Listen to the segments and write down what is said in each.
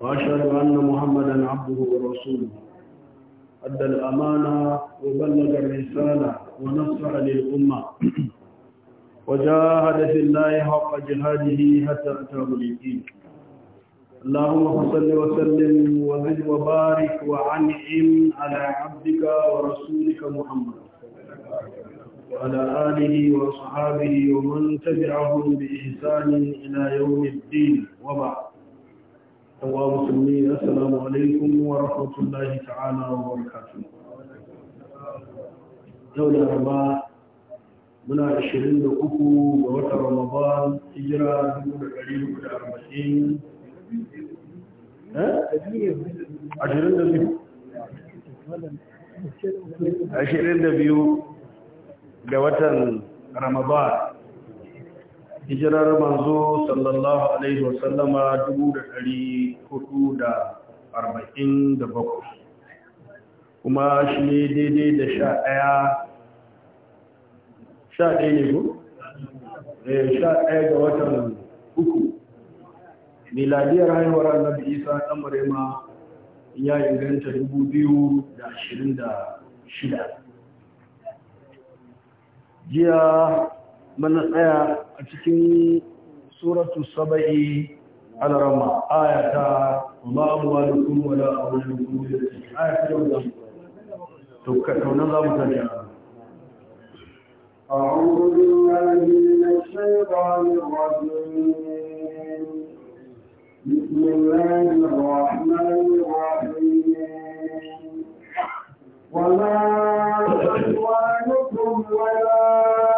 وأشهد أن محمدا عبده ورسوله أدى الأمانة وبلغ الرسالة ونصح للأمة وجاهد في الله حق جهاده حتى أتاه اليقين اللهم صل وسلم وزد وبارك وعنعم على عبدك ورسولك محمد وعلى آله وأصحابه ومن تبعهم بإحسان إلى يوم الدين وبعد yawa musulmi assalamu alaikum wa rahmatullahi ta'ala wa barakatuh yau da raba muna 23 ga watan ramadan hijira 1440 22 eh? ga watan ramadan hijirar manzo sallallahu alaihi wasallama 447 kuma shi ne daidai da sha ɗaya sha ɗaya ne ko? Eh, sha ɗaya ga watan uku miladiyar haihuwar annabi isa ɗan marema ya inganta 2026 jiya mana tsaya a cikin suratu saba'i alarama ayata ma'amuwa da kuma wada a wani kuma da ke ayata yau da taukataunan za mu tafiya بسم الله الرحمن الرحيم وما أموالكم ولا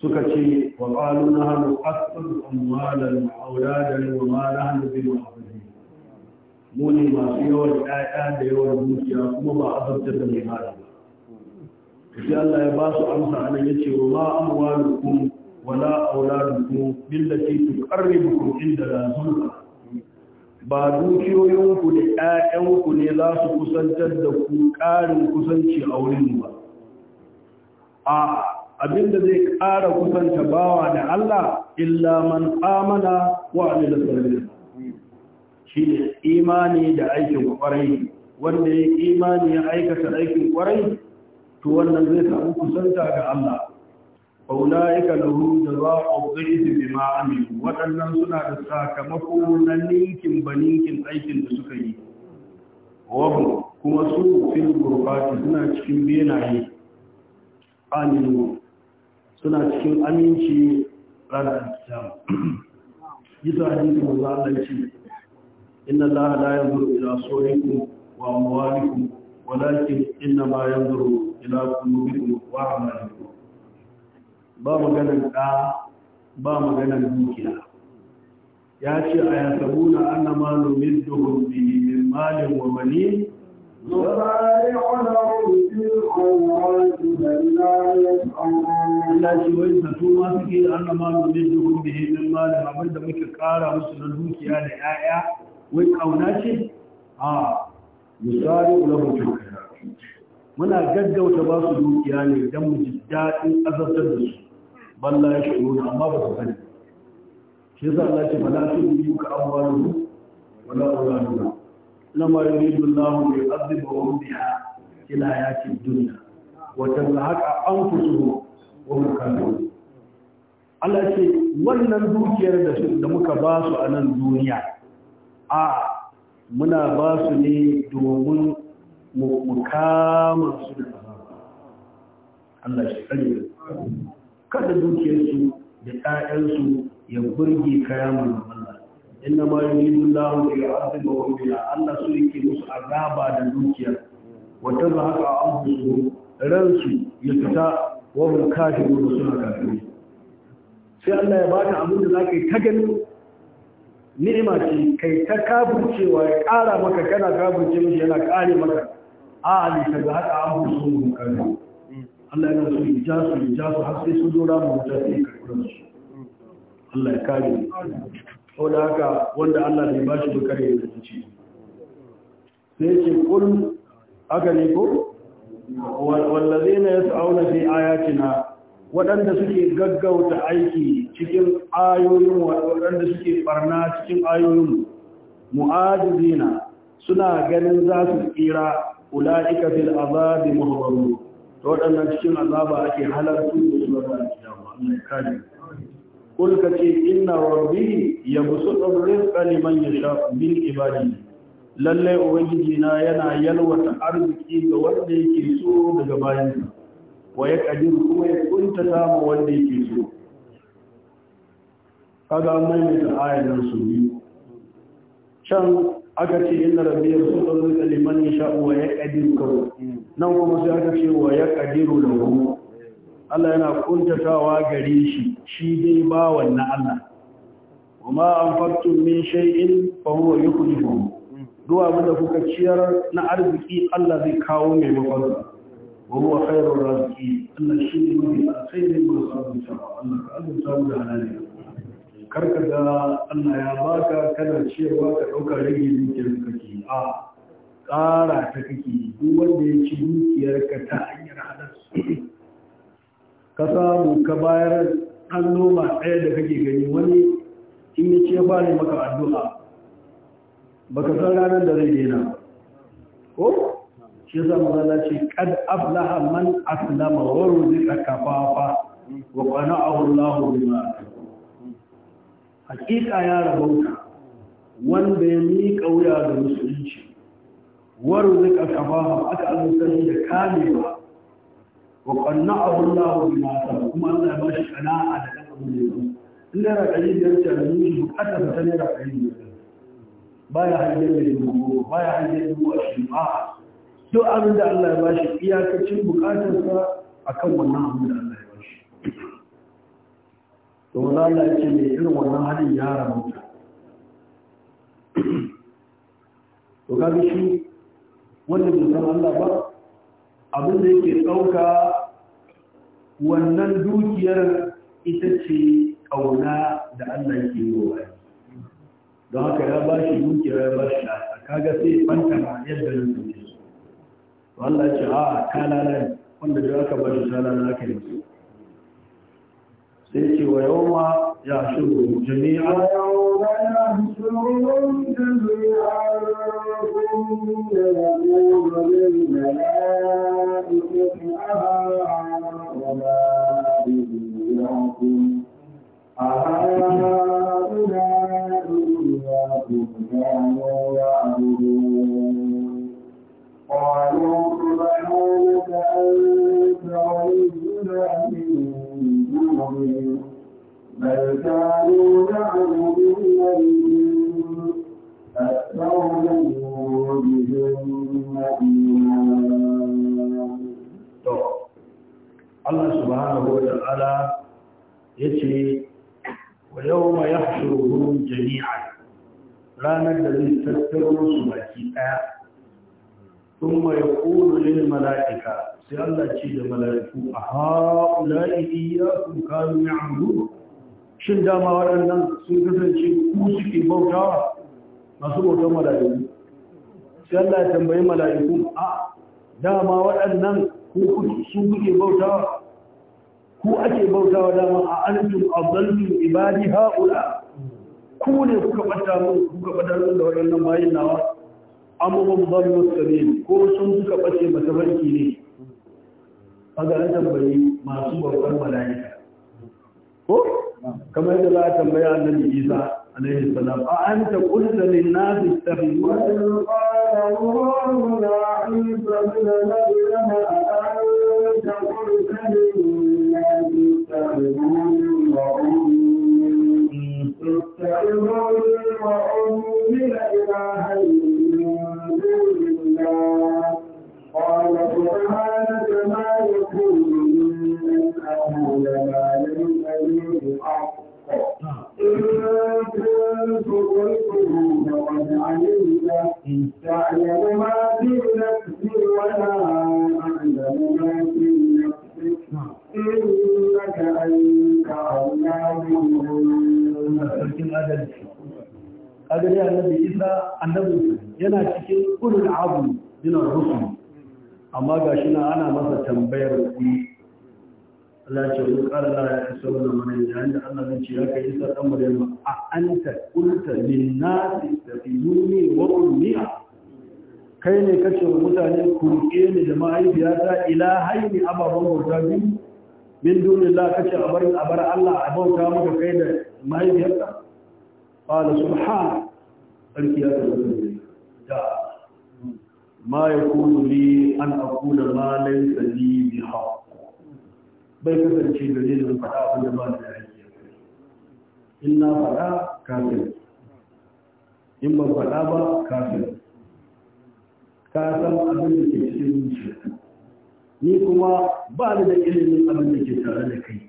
suka ce wa qalu nahnu aqtu amwalan wa auladan wa ma biyu a mu'azzabin mu ne masu yawan ƴaƴa da yawan dukiya kuma ba azabtar da mai hali ba Allah ya ba su amsa anan yace wa ma amwalukum wala auladukum billati tuqarribukum inda da zulfa ba dukiyoyinku da 'ya'yanku ne za su kusantar da ku ƙarin kusanci a wurin ba A'a. abinda zai ƙara kusanta bawa da Allah illa man amana wa amila salih shi ne imani da aikin kwarai wanda ya imani ya aikata aikin kwarai to wannan zai samu kusanta ga Allah faulaika lahu jazaa'u dhifi bima amilu Waɗannan suna da sakamako na ninkin ba ninkin aikin da suka yi wahu kuma su fil gurbati suna cikin benaye amilu suna cikin aminci ranar kiyama yisa hadisi manzo Allah ya ce inna Allah la yanzuru ila soyinku wa amwalikum walakin inna ma zuru ila kulubinku wa a'malikum ba maganan ɗa, ba maganan dukiya ya ce a yasabuna annama numidduhum bihi min malin wa banin يبارع لهم في الخيرات بل da يسعون لا شيء ما فيه أن ما نمدهم به من muna gaggauta ba su dukiya ne don mu daɗin azabtar da su balla ya shigo amma ba su sani shi yasa Allah ce fa la tu'minu ka amwaluhum wala auladuhum إنما ya الله duniya. Wata في haka an وتزهق ko وهم كافرون Allah ce wannan dukiyar da su da muka ba su a nan duniya a muna ba su ne domin mu kama su da Allah shi tsare kada dukiyarsu da 'ya'yansu ya burge kayan mu inna ma yuridu Allahu bi yu'adhibuhum biha Allah su yake musu azaba da dukiya wa tazhaqa anfusuhum ransu ya fita wa hum kafirun suna kafiri sai Allah ya baka abin da zaka yi ta gani ni'ima ce kai ta kafircewa ya ƙara maka kana kafirce mishi yana ƙare maka a alisa ga haka an husu mun kare Allah ya so ya jasu ya jasu har sai su zo ramu ta sai karɓar su Allah ya kare sau haka wanda Allah ne ba shi dukkan yin zuci sai ce kun aka ne ko wallaze na ya sa'auna fi ayatina waɗanda suke gaggauta aiki cikin ayoyin waɗanda suke barna cikin ayoyin mu'adizina suna ganin za su tsira ula'ika fil azabi muhdaru to waɗannan cikin azaba ake halartu da su ga Allah ya kaji قل ya busu ربي يبسط الرزق لمن يشاء من عباده lalle na yana yalwata arziki ga wanda yake so daga sa wa ya kadir kuma ya ta ma wanda yake so kaga an maimaita ayan su biyu can aka ce inna rabbi yabsutu rizqa liman yasha'u wa yaqdiru kawo nan kuma sai aka ce wa da lahu Allah yana kuntatawa gare shi shi dai bawan na Allah kuma an faktun min shay'in fa huwa yukhlifu duwa da kuka ciyar na arziki Allah zai kawo mai mafaka wa huwa khairur raziqi Allah shi ne mai alkhairin masabuta Allah ka azurta mu da halali karka ga Allah ya baka kana ciyarwa ka dauka rage dukiyar kake a tsara ta kake duk wanda ya ci dukiyar ka ta hanyar halal ka samu ka bayar an noma ɗaya da kake gani wani in yi ce fara maka addu'a baka san ranar da zai daina ko shi za mu zala ce kad aflaha man aslama wa ruzika kafafa wa wurin Allahu bima hakika ya rabauta wanda ya miƙa wuya da musulunci wa ruzika kafafa aka azurta da kamewa wa qanna'ahu Allah bima sa kuma Allah ya ba shi qana'a da kan abin da yake in da rakari biyar ce da ni bukatar ta ne rakari biyar baya hanyar da dubu baya hanyar dubu a shi ba duk abin da Allah ya ba shi iyakacin bukatarsa akan wannan abin da Allah ya ba to wanda Allah ya ce irin wannan halin ya rabuta to kaga shi wanda bai san Allah ba abin da yake ɗauka wannan dukiyar ita ce ƙauna da Allah ke yi don haka ya ba shi dukiyar ya ba shi lasa kaga sai fanta ma yadda nan da ke so Allah ce a ah, ta lalai wanda da aka ba shi ta aka yi sai ce wa yau ma ya shuru jami'a قالوا سبحانك أنت مبين بل كانوا يعبدون الجن أكثرهم بهم إيمان الله سبحانه وتعالى يتي ويوم يحشرهم جميعا لا da zai tattaro su ثم يقول للملائكة سيالله شيء الملائكة هؤلاء إياكم كانوا يعبدون shin dama waɗannan sun kasance ku suke bauta masu bautar mala'iku sai Allah ya tambayi mala'iku a dama waɗannan ku ake bauta wa dama a antum adallu ibadi haula ku ne kuka bata mun kuka bata mun da waɗannan bayin nawa amurin balwar sabil ko sun suka ɓace mata barki ne a ga an tambayi masu bautar mala'ika ko kamar da za a tambaya annabi isa alaihi salam a an ta kulta lin nas istafi mm. mm. wa Thank الله قال سبحانك ما يكون من أقول ما ليس لي إن كنت قلته فقد تعلم ما في نفسي ولا أعلم ما في نفسك إنك أنت علام الغيوب kaga annabi isa annabi yana cikin ulul abu min ar amma gashi na ana masa tambayar ku Allah ce ku ya isa wannan Allah ya ce ya kai isa dan Maryam a anta qulta lin nas tafiyuni wa ummi kai ne kace wa mutane ku ke ni da mahaifiyata ilahaini ababan bauta biyu min dunillahi kace a bar Allah a bauta kai da mahaifiyarka qala subhan sarki ya tabbata da ma yakunu li an aqula ma laysa li bi haqq bai kasance gare ni in faɗa abin da ba da haƙƙi in na faɗa kafin in ban faɗa ba ka san abin da ke ni kuma ba ni da ilimin abin da ke tare da kai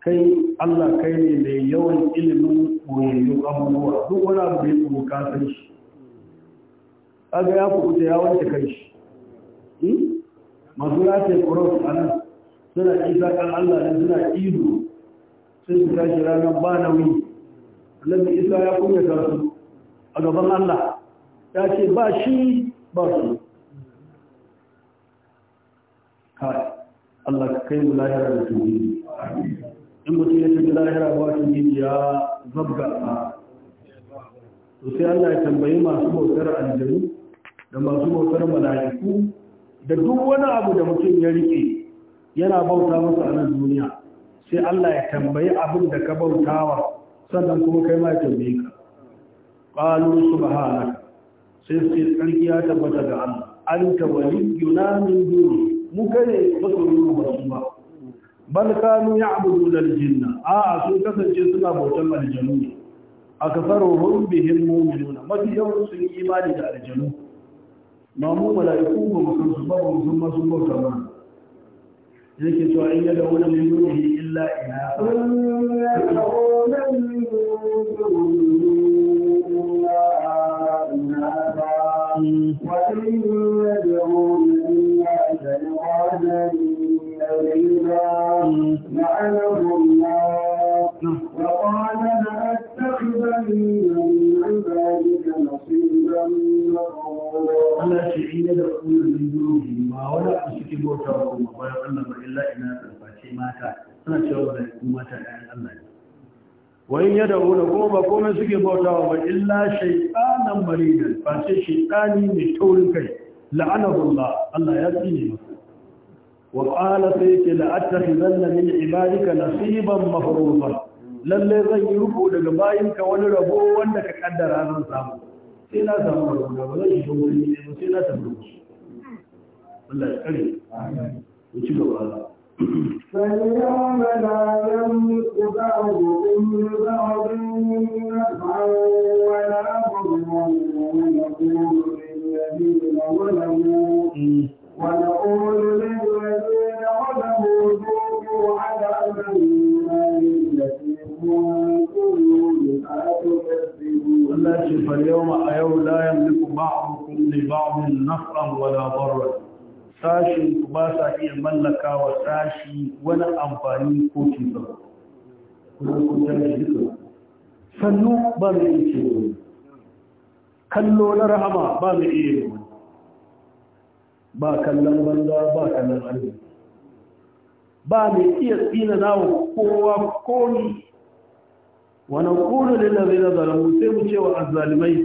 kai Allah kai ne mai yawan ilimin koyayyu abubuwa duk wani abu da ya kuma shi aga ya kuɓuta ya wanke kai shi hmm? masu lafiya kuros a nan suna isa kan Allah ne suna ido sai su tashi ranar ba nauyi isa ya kuma karsu a gaban Allah ya ce ba shi ba su kai Allah ka kai mu da tuni amin in mutum ya tafi lahira ba gidi ya zabga a to sai Allah ya tambayi masu bautar aljanu da masu bautar mala'iku da duk wani abu da mutum ya rike yana bauta masa a nan duniya sai Allah ya tambayi abin da ka bautawa sannan kuma kai ma ya tambaye ka qalu subhanaka sai sai tsarki ya tabbata ga Allah anta waliyuna min duni mu kare masoyin mu ba bal kanu ya'buduna al-jinna a su kasance suna bautan aljanu ne akfaruhum bihim mu'minuna mafi yawan sun imani da aljanu ma mu malaiku ba mu san ba mu masu bauta ba yake cewa in yada wani min dunihi illa ina وإن يدعون Ana ce ina da ƙunan zurubi ba wani a suke bauta wa kuma bayan Allah ba illa ina karface mata suna cewa da ku mata ɗayan Allah ne. Wayin yadda wani kuma ba komai suke bauta ba illa shai ɗanan marinan ba ce shi ɗani mai taurin kai la'anahu Allah Allah ya tsine wa qala sai ce la attakhizanna min ibadika nasiban mafruḍa lalle zan yi ruku daga bayinka wani rabo wanda ka kaddara zan samu sai na samu rabo ba zan yi rabo ne sai na samu rabo Allah ya kare amin ku ci gaba فاليوم لا يملك بعضكم sashin ba sa iya mallaka wa sashi wani amfani ko cutar kuma kun tashi duka sannu ba mai iya ce kallo na rahama ba mai iya yi wani ba kallon banza ba kallon arziki ba mai iya tsina nawa kowa komi wani ƙuri ne na zaramu sai mu cewa azalimai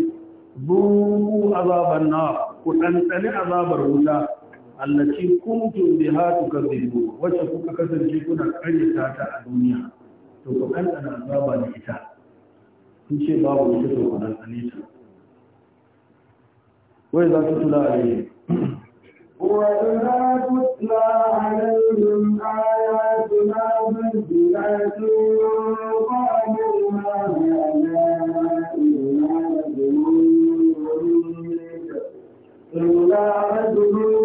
zuku azabar na ku ɗanɗani azabar wuta allaci kuntum biha tukazzibu wacce kuka kasance kuna karyata ta a duniya to ku kan azaba da ita kun ce babu ita to ku dan ta wai za ku tula alai وَإِذَا تُتْلَى عَلَيْهِمْ آيَاتُنَا بَيِّنَاتٍ قَالُوا هَٰذَا إِلَٰهٌ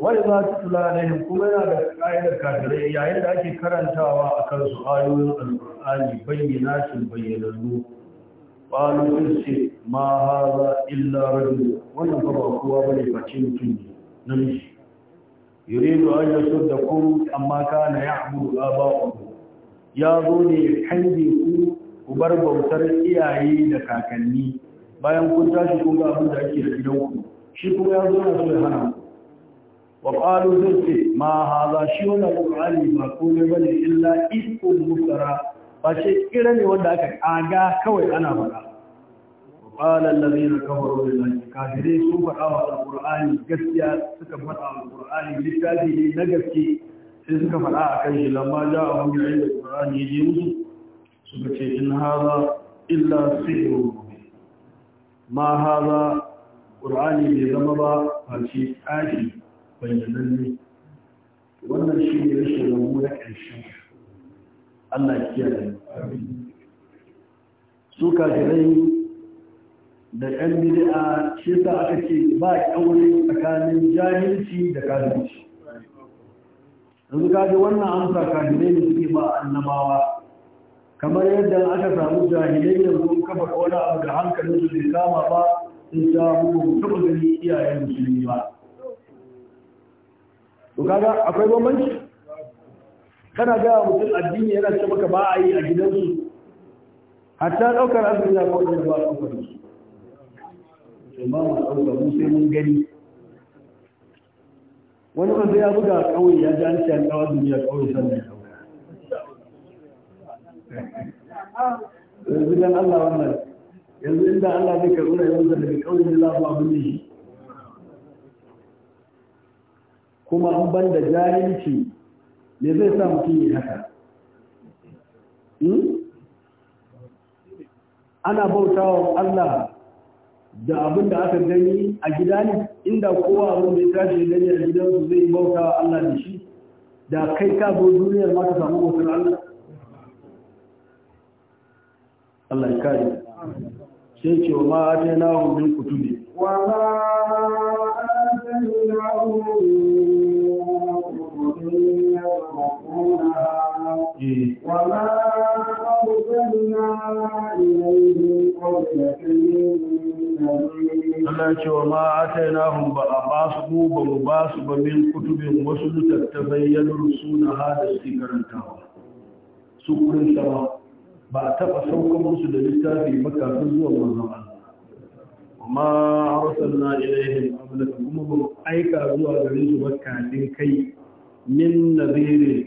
wai za su tula kuma yana da ƙa'idar kafirai yayin da ake karantawa a kan su ayoyin alƙur'ani bayyana shi bayyanannu ƙwalo sun ma illa rajul wannan fa ba kowa bane face mutum ne namiji yuridu an yasuddakum amma kana ba ku ya zo ne ya ku ku bar bautar iyaye da kakanni bayan kun tashi kun ga abin da ake da gidanku shi kuma ya zo na so ya hana wa qalu zai ma hadha shi wannan alqur'ani ba komai bane illa isqul mutara ba ce kira ne wanda aka kaga kawai ana faɗa zai na allazina kafaru lillahi kafire su faɗa wa Alƙur'ani gaskiya suka faɗa wa Alƙur'ani, littafi ne na gaske sai suka faɗa a kan shi lamma ja'a da Alƙur'ani ya je musu suka ce in haza illa sihrun ma haza ƙur'ani bai zama ba a ce tsashi bayyananne wannan shi ne rashin rabu na ƙarshe Allah kiyaye su kafirai da ƴan bid'a shi sa aka ce ba ƙaure tsakanin jahilci da kafirci yanzu kaji wannan amsa kafirai ne suke ba annabawa kamar yadda aka samu jahilai yanzu kafa wani abu da hankalin su bai kama ba sun sha mu taɓa gani iyayen musulmi ba to kaga akwai bambanci kana ga mutum addini yana ce maka ba a yi a gidansu hatta daukar azumi ya kawai da ba a daukar su sai ba mu dauka mu sai mun gani wani wanda ya buga kauye ya ji an ce an kawo duniya kauye sannan ya yanzu dan Allah wannan yanzu inda Allah zai karɓi yanzu daga kawai ne za mu abin da shi kuma an ban da jahilci ne zai sa mutum yi haka hmm? ana bautawa Allah da abin da aka gani a gida ne inda kowa abin da ya tashi gani a gidansu zai bautawa Allah da shi da kai ka zo duniyar ma ka samu bautar Allah Allah ya kare sai ce wa ma atayna hum min kutubi wa ma atayna وما أرسلنا إليهم قبلك Allah ce wa ma'ata na hun ba a ba su ba mu ba su ba min kutubin wasu suna karantawa su kurin sama ba a taɓa saukan musu da littafi ba kafin zuwa Allah amma kuma ba aika zuwa gare su ba kafin kai min nazirin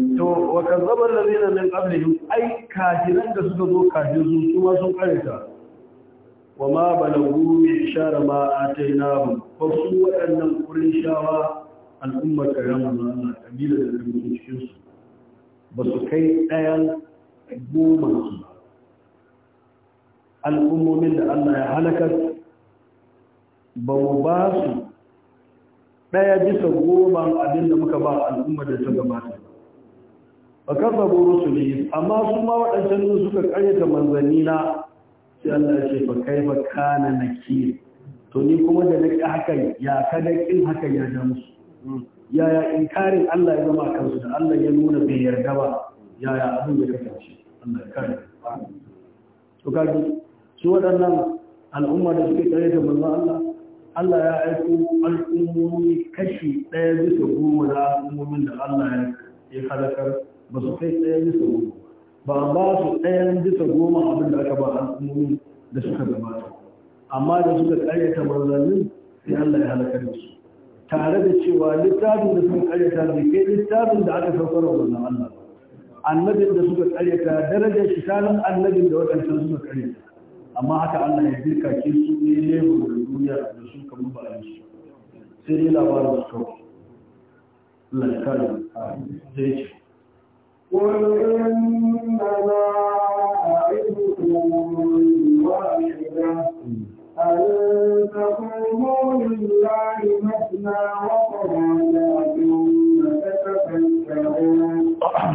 to wa da zina min qablihim ai kafiran da suka zo kafin su su ma sun karanta wa ma balagu min shara ma atainahum fa su waɗannan kurin shawa al'ummar karamu na ana kabila da kabila cikin su ba su kai ɗayan goma su ba al'ummomin da Allah ya halakar ba mu ba su ɗaya bisa goma abin da muka ba al'ummar da ta gabata fa kazzabu rusuli amma su ma wadancan su suka karyata manzanni na sai Allah ya ce fa kaifa kana nakir to ni kuma da nake hakan ya kada kin hakan ya da musu yaya inkarin Allah ya zama kansu da Allah ya nuna bai yarda ba yaya abin da kasance Allah ya kare to kaji su waɗannan al'umma da suke tsaye da manzo Allah Allah ya aiko al'ummomi kashi ɗaya bisa goma na al'ummomin da Allah ya halakar ba su kai ɗaya bisa goma ba ba su ɗayan bisa goma abin da aka ba al'ummomi da suka gabata amma da suka ƙaryata manzannin sai Allah ya halaka da su tare da cewa littafin da suka ƙaryata bai kai littafin da aka saukar wa Allah annabin da suka ƙaryata darajar shi tarin annabin da waɗancan suka ƙaryata amma haka Allah ya birka ke su ne ne da duniya da su kamar ba a su. sai dai labarin su kawai Allah ya ce قل إنما أعظكم واحدة أن تقوموا لله مثنى وفرادا ثم تتفكروا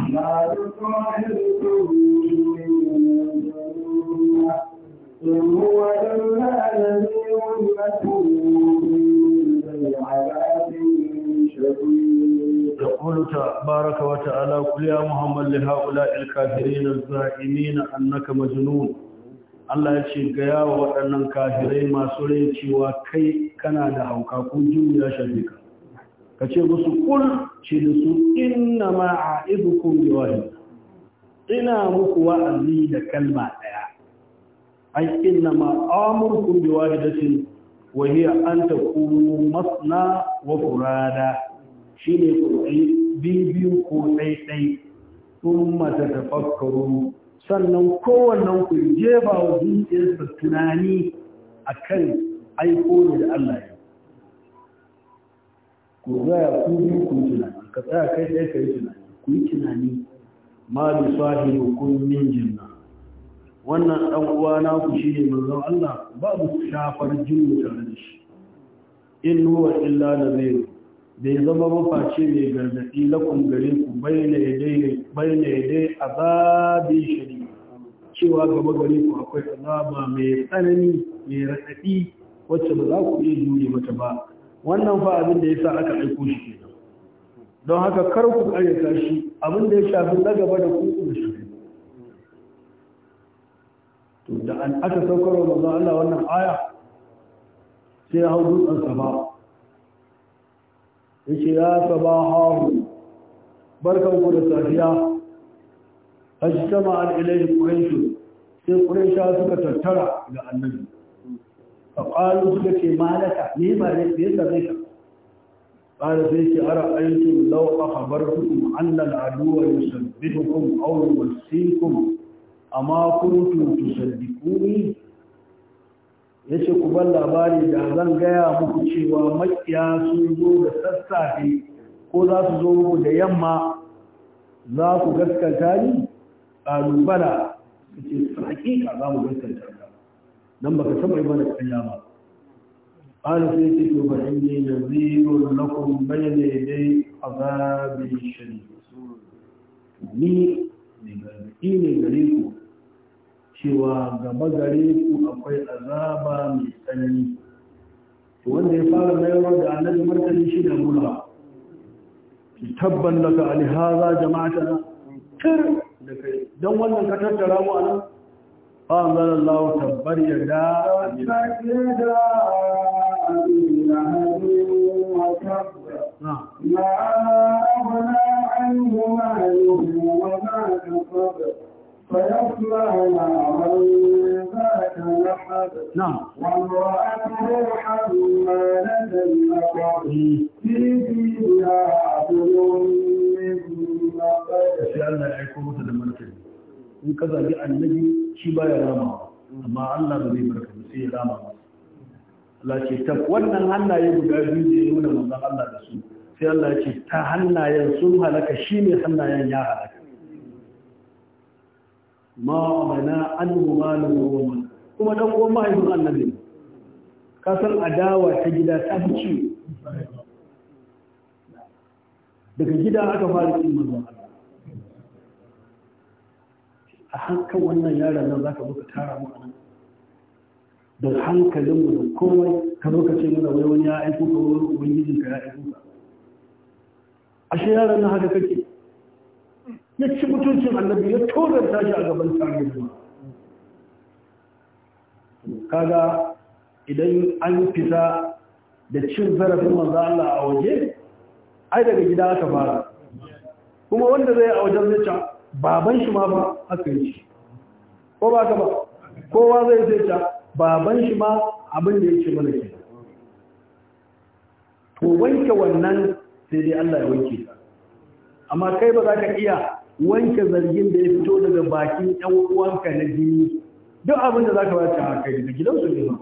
ما تصاحبكم من إن هو إلا نذير لكم بالعذاب يقول تبارك وتعالى قل يا محمد لهؤلاء الكافرين الزائمين أنك مجنون Allah ya ce gaya wa waɗannan kafirai masu rai cewa kai kana da hauka ko ya shafe ka ka ce musu kul ce da su inna ma a izukun biwahi ina muku wa'azi da kalma ɗaya ai inna ma amurkum biwahidatin wa hiya an takunu masna wa furada shi ne ƙoƙari biyu ko ɗaiɗai sun mata tafakkaru sannan kowannen ku jefa wa zuciyarsa tunani a kan aiko ne da Allah ya ku zaya ku biyu ku tunani ka tsaya kai ɗaya ka yi tunani ku yi tunani ma bi sahi kun min jinna wannan ɗan uwana ku shi ne manzon Allah babu shafar jinnu tare da shi in huwa illa nadhiru da zama mafaci mai gargaɗi lakon gare ku na yadai a babin shari'a cewa gaba gare ku akwai azaba mai tsanani mai raɗaɗi wacce ba za ku iya jure mata ba wannan fa abin da ya sa aka aiko shi kenan don haka kar ku ƙaryata shi abin da ya shafi na gaba da ku da shi to da aka saukar wa Allah wannan aya sai ya hau dutsen sama yace ya sabahu barkan barkanku da safiya ajtama al'ilai ilayhi sai quraisha suka tattara ga annabi faqalu suka ce malaka ne ba ne me yasa kai قال فيك أرأيتم لو أخبرتكم أن العدو يسبحكم أو يوسيكم أما كنتم تصدقوني ya ce ku bar labari da zan gaya muku cewa makiya sun zo da sassafe ko za su zo muku da yamma za ku gaskanta ni ƙalubala su ce hakika za mu gaskanta ka don baka taɓa yi mana ba ƙalu sai ce to bari ne na lakum bayyane dai azabin shari'a ni ne gargaɗi ne gare ku cewa gaba gare ku akwai azaba mai tsanani wanda ya fara mayarwa da annabi martani shi da mula tabban daga alhaza jama'ata kar da kai don wannan ka tattara mu anan فأنزل الله تبر يدا ما أغنى عنه ماله وما كسب فيصلى نارا da in ka zabi annabi shi baya rama amma Allah ba zai barka ba sai ya rama ba Allah ce ta wannan hannaye guda biyu ne nuna manzon Allah da su sai Allah ya ce ta hannayen sun halaka shine hannayen ya halaka ma bana an maluhu wa mal kuma dan uwan mahaifin annabi ka san adawa ta gida ta fi ci. daga gida aka fara cin manzon Allah a hankan wannan yaron nan zaka buka tara mu anan da hankalin mu da komai ka zo ka ce mana wai wani ya aiko ka wani ubangijin ka ya aiko ka ashe yaron nan haka kake ya ci mutuncin annabi ya tozarta shi a gaban Ka kaga idan an fita da cin zarafin manzo Allah a waje ai daga gida aka fara kuma wanda zai a wajen zai baban shi ma ba aka yi ko ba ka ba kowa zai zai ta, baban shi ma abin da yake mana ke to wanke wannan sai dai Allah ya wanke amma kai ba za ka iya wanke zargin da ya fito daga bakin ɗan uwanka na jini duk abin da za ka bata hankali da gidansu ne ba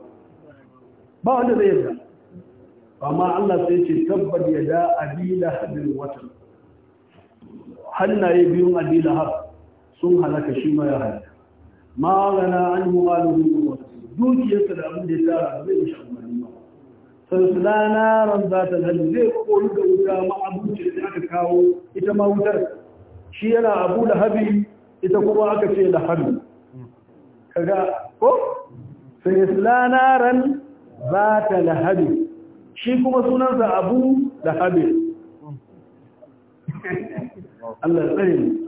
ba wanda zai yarda amma Allah sai ce tabbar ya da adila hadin wata hannaye biyun adila har sun halaka shi ma ya an yi gana an mu'aluhu dukiyarsa da abin da ya tara zai mishi amfani ba sansula na ran za ta zai koyi da wuta ma abincin da aka kawo ita ma wutar shi yana abu da habi ita kuma aka ce da habi kaga ko fislanaran za ta habi shi kuma sunansa abu da habi Allah tsarin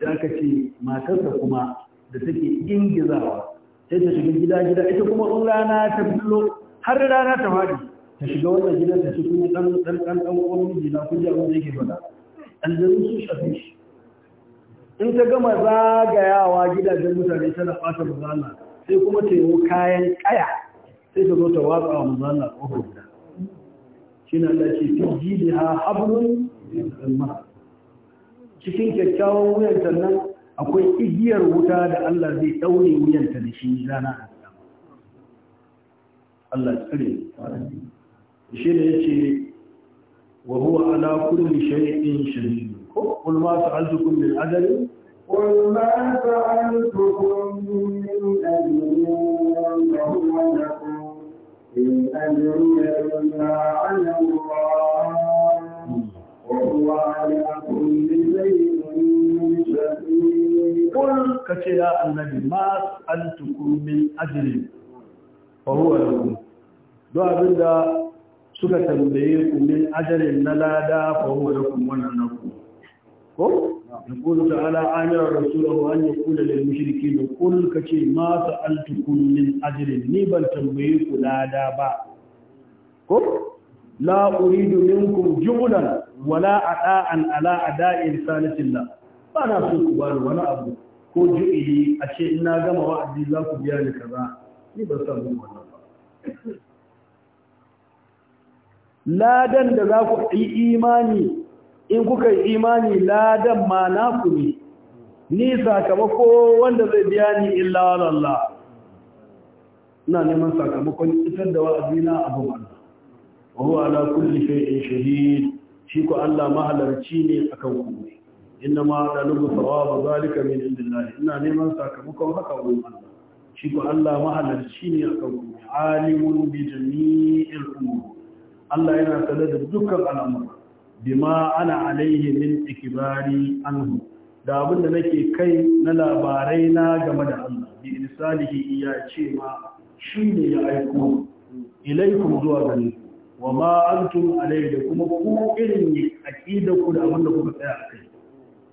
da aka ce matarsa kuma da take ingizawa sai ta shiga gida-gida ita kuma in rana ta bullo har rana ta faɗi ta shiga wannan gidan ta ce kuma ɗan ɗan ɗan ɗan ɗan ɗan ɗan yake fada ɗan ɗan ɗan ɗan in ta gama zagayawa gidajen mutane tana fata mazala sai kuma ta yi kayan ƙaya sai ta zo ta watsa wa a ƙofar gida shi na Allah ce fi jini ha hablun zama cikin kyakkyawan wuyanta nan akwai igiyar wuta da Allah zai ɗaure wuyanta da shi rana a Allah tsire shi ne ya ce wa huwa ala kulli shay'in shahid قل ما سألتكم من أجل قل ما سألتكم من أجل فهو لكم إن أجري إلا على الله وهو على كل شيء شهيد قل كشيء النبي ما سألتكم من أجل فهو لكم دعوا بالله suka tambaye ku min ajalin na lada fa huwa lakum wannan ko yaqulu ta'ala amira rasulahu an yaqula lil mushrikeen qul kace ma sa'altukum min ajrin ni ban tambaye ku lada ba ko la uridu minkum jumlan wala ada'an ala ada'i risalatillah ba na so ku bani wani abu ko ju'i a ce ina gama wa'azi za ku biya ni kaza ni ban san wannan ba ladan da za ku yi imani in kuka yi imani ladan ma na ku ne ni sakamako wanda zai biya ni illa wallah ina neman sakamakon isar da wa'azina abu wannan wa huwa ala kulli shay'in shahid shi ko Allah mahalarci ne akan komai inna ma dalubu thawaba zalika min indillah ina neman sakamakon haka wurin Allah shi ko Allah mahalarci ne akan komai alimun bi jami'il umur Allah yana sanar da dukkan al'amura bima ana alaihi min ikibari anhu da abin da nake kai na labarai na game da Allah bi irsalihi iya ce ma shine ya aiko ilaikum zuwa gani wa ma antum alaihi da kuma ku irin aqida ku da abin da kuka tsaya a kai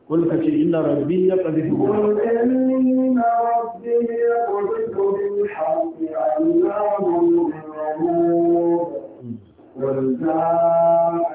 kul ka ce inna rabbi ya qadifu wa inna rabbi ya qadifu bil haqqi allahu wa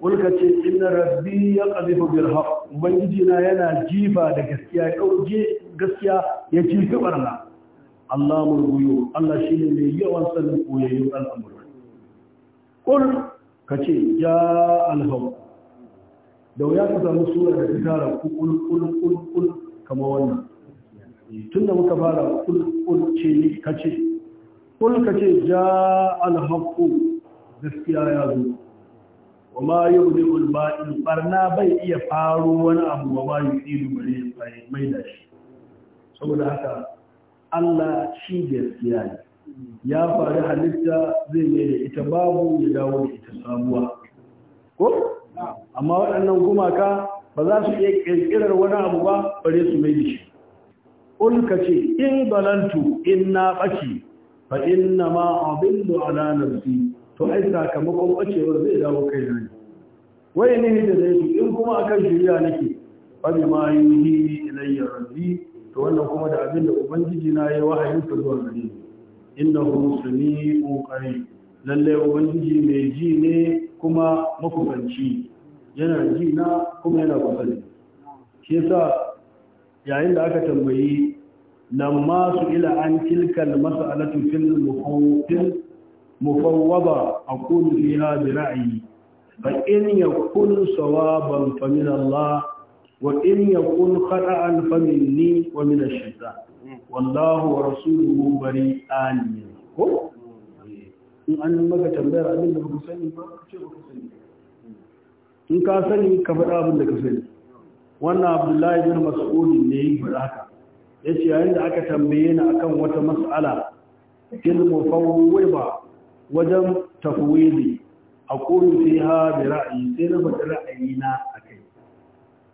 Kulka ce, Inna rabbi ya ƙazifu birhaf, Ubangijina yana jifa da gaskiya, ya ɗauke gaskiya ya jifi barna. Allah murguyo, Allah shi ne mai yawan sanin koyayyun al'amur. Kul ka ce, ja alhau, da wuya ka samu sura da fitara kul kul kul kama wannan. Tun da muka fara kul kul ce ka ce, kul ka ce ja alhaqqu gaskiya ya zo wa ma yubdi'u al barna bai iya faru wani abu ba yi tsiru bare bai mai da shi saboda haka Allah shi gaskiya ne ya faru halitta zai ne da ita babu ya dawo da ita sabuwa ko amma waɗannan gumaka ba za su iya ƙirƙirar wani abu ba bare su mai da shi ulka in balantu in na ɓace fa inna ma adillu ala nafsi to ai sakamakon bacewar zai dawo kai na ne waye ne da zai in kuma akan shirya nake fa bi ma yuhi ilayya rabbi to wannan kuma da abin da ubangiji na ya wahayin ta zuwa gare ni innahu sami'un qarib lalle ubangiji mai ji ne kuma mafukanci yana ji na kuma yana kusanci shi yasa yayin da aka tambayi lamma su ila an tilkal mas'alatu fil mufawwid mufawwada aqulu fiha bi ra'yi fa in yakun sawaban fa min Allah wa in yakun khata'an fa minni wa min ash-shaytan wallahu wa rasuluhu bari bari'an ko in an maka tambayar abin da baka sani ba ka ce baka sani in ka sani ka faɗa abin da ka sani wannan abdullahi bin mas'ud ne ya yi faɗa haka ya ce yayin da aka tambaye ni akan wata mas'ala ilmu ba, wajen tafwili a fiha bi ra'ayi sai na faɗi ra'ayina akai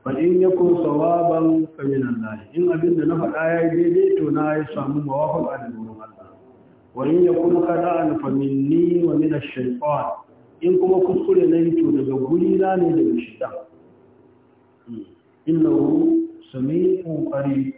fa in yakun sawaban fa min Allah in abin da na faɗa yayi daidai to na yi samu mawafaq a Allah wa in yakun qada'an fa minni wa min ash-shaytan in kuma kuskure na to daga guri na ne daga shaytan innahu sami'un qarib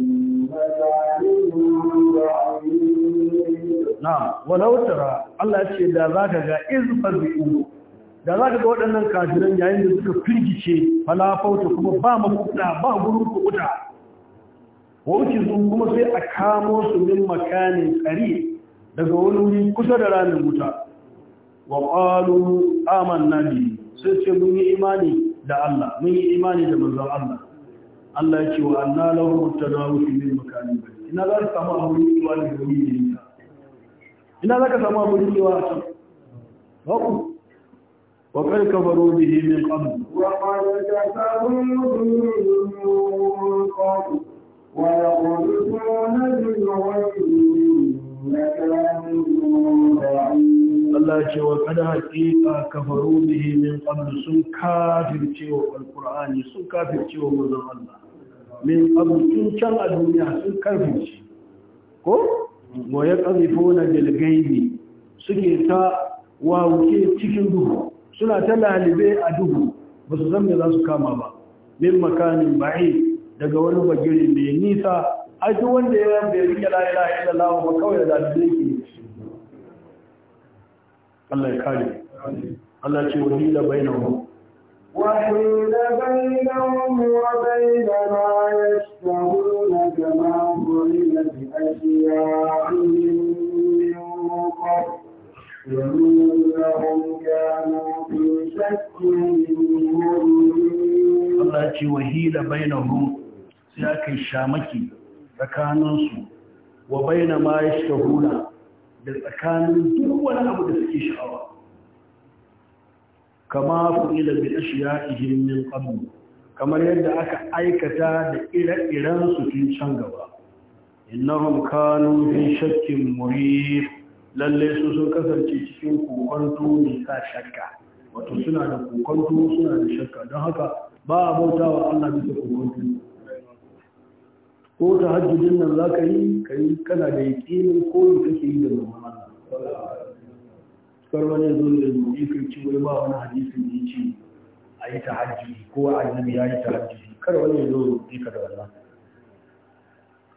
Na walau tara Allah ce da zaka ga izfazu da zaka ga waɗannan kafiran yayin da suka firgice falafauta kuma ba makuta ba gurin kuta wuce sun kuma sai a kamo su min makanin tsari daga wani wuri kusa da ranar wuta wa aman na bi sai ce mun yi imani da Allah mun yi imani da manzon Allah Allah ya ce wa ta na wuce min makanin ina za su samu wurin wuri ne ina za samu abin cewa a can babu wa karka faro bihi min qabl wa qad Allah ce wa kada haƙiƙa kafaru bihi min qabl sun kafirce wa alqur'ani sun kafirce wa manzon Allah min abincin tun can a duniya sun kafirce ko wa ya ƙazifona bilgaibi suke ta wawuke cikin duhu suna ta lalibe a duhu ba su zama za su kama ba min makanin ba'i daga wani bagire mai nisa a duk wanda ya bai rike la'ila ila lawa ba kawai da lalibe ke Allah ya kare Allah ce wani da bai na hu وحيل بينهم وبين ما يشتهون كما قلت أشياعهم من قبل وإنهم كانوا في شك tsakaninsu wa baina ma ya shahuna da tsakanin duk wani abu da suke sha'awa kama fu'ila bi ashiya'ihim min qabl kamar yadda aka aikata da ire-iren su tun can gaba innahum kanu fi shakkin muri lalle su sun kasance cikin kokonto mai sa shakka wato suna da kokonto suna da shakka don haka ba a bauta wa Allah bisa kokonto ko ta hajjujin nan za ka yi ka kana da yaƙinin koyi kake yi da mamman kar wani zo da zuwa kai ci wai ba wani hadisi ne ce a yi ta hajji ko annabi ya yi ta hajji kar wani zo da ka da wannan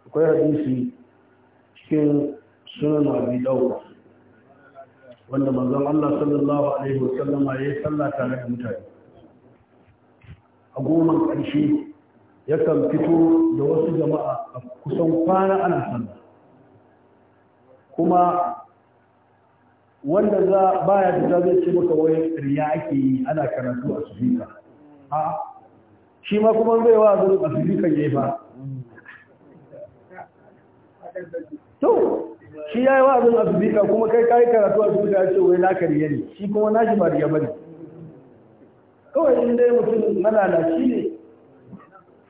akwai hadisi cikin sunan abi dauka wanda manzon Allah sallallahu alaihi wa Sallama ya yi sallah tare da mutane a goman ƙarshe ya kan fito da wasu jama'a a kusan kwana ana sallah kuma wanda za baya fita zai ce maka wai riya ake yi ana karatu a sufika a shi ma kuma zai wa zuwa a sufikan ya to shi ya yi wa'azin asibika kuma kai kayi karatu a asibika ya ce wai na kariya ne shi kuma na shi ba riya bane kawai in dai mutum shi ne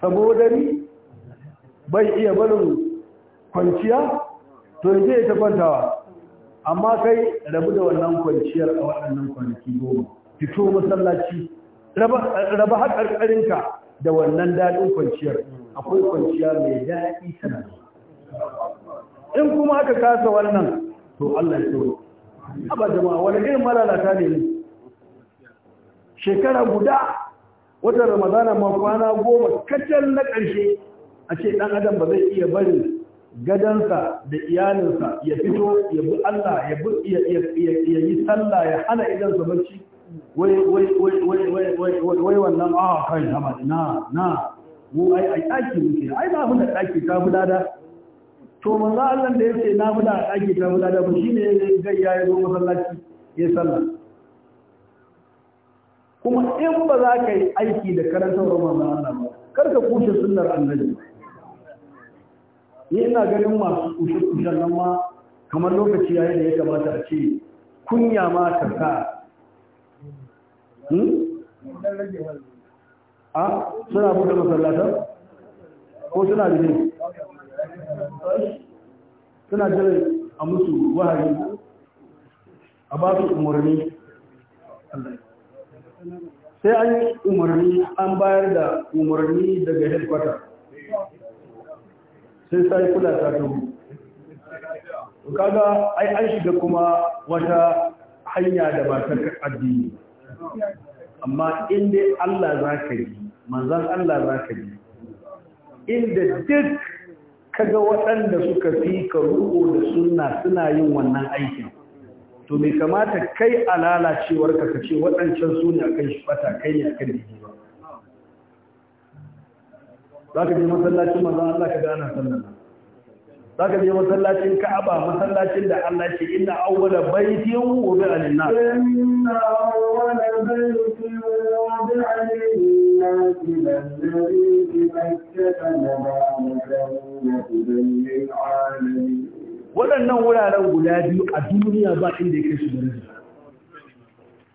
saboda ni bai iya barin kwanciya to ya zai ta kwantawa amma kai rabu da wannan kwanciyar a waɗannan kwanaki goma fito masallaci raba har da wannan daɗin kwanciyar akwai kwanciya mai daɗi sanarwa in kuma aka kasa wannan to Allah ya tsoro haba jama'a wani irin malalata ne ne shekara guda watan ramadana ma kwana goma kacal na ƙarshe a ce ɗan adam ba zai iya barin gadansa da iyalinsa ya fito ya bi Allah ya yi sallah ya hana idansa barci wai wannan a ah, kai na na mu ai ai ɗaki muke ai ba mu da ɗaki ta fi dada to manzo Allah da yake na fada a ta fada da shi ne zai yayi zo masallaci ya sallah kuma in ba za ka yi aiki da wa manzo Allah ba kar ka kushe sunnar annabi ni ina ganin masu kushe kushe nan ma kamar lokaci yayi da ya kamata a ce kunya ma ka sa hmm? a ah, suna buɗe masallatar ko suna da suna jira a musu wahayi a ba su umarni sai an yi umarni an bayar da umarni daga headquarter sai sai kula ta dubu kaga ai an shiga kuma wata hanya da ba ta addini amma in dai Allah za ka yi manzan Allah za ka yi inda duk kaga waɗanda suka fi ka ruko da suna suna yin wannan aikin to bai kamata kai a lalacewar ka ka ce waɗancan su ne akan shi fata kai ne kan digi ba za ka je masallacin mazan Allah ka gana sannan za ka je masallacin Ka'aba masallacin da Allah ke, ina ce inna awwala baitin ina lin bai fi awwala baitin wudi'a lin waɗannan wuraren guda biyu a duniya ba inda yake su gari